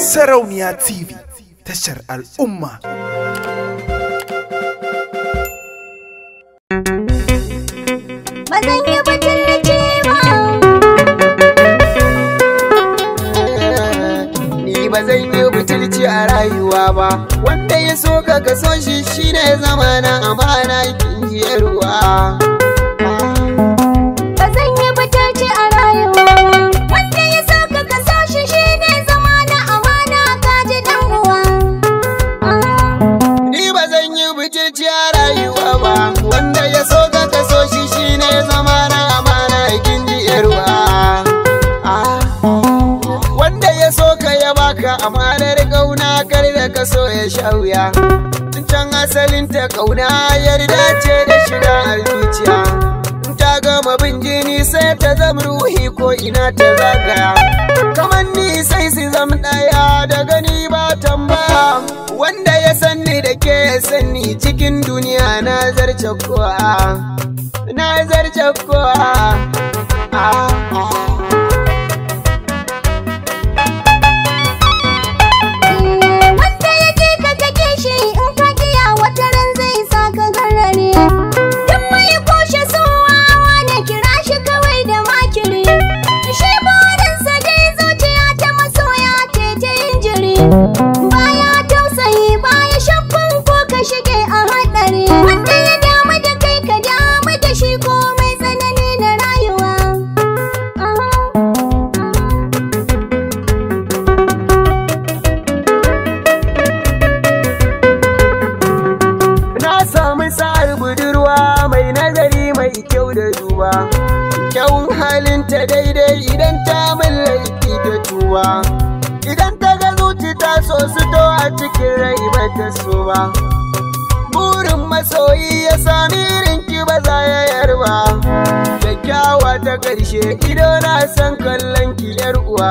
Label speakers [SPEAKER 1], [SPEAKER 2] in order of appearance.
[SPEAKER 1] Sarauniya TV tashar al'umma. Ni ba yi a rayuwa ba, wanda ya so ka kaso shi shine zamana amana kin ruwa. ka amanar ƙauna kar da kaso ya shauya Tun can asalin ta ƙauna yarda ce da shiga a zuciya ta gama bin jini sai ta zama ruhi ko ina ta zagaya kamar ni sai su zama ɗaya da gani ba tambaya wanda ya sanni da ke a sanni cikin duniya na zarce kowa na zarce kowa mai nazari mai kyau da duba kyawun halinta daidai idan ta mallaki da tuwa idan ta ga zuci ta so su to a cikin rai ba ta so ba burin masoyi ya sami irin ki ba za ya yarba kyakkyawa ta ƙarshe ido na san kallon ki yar uwa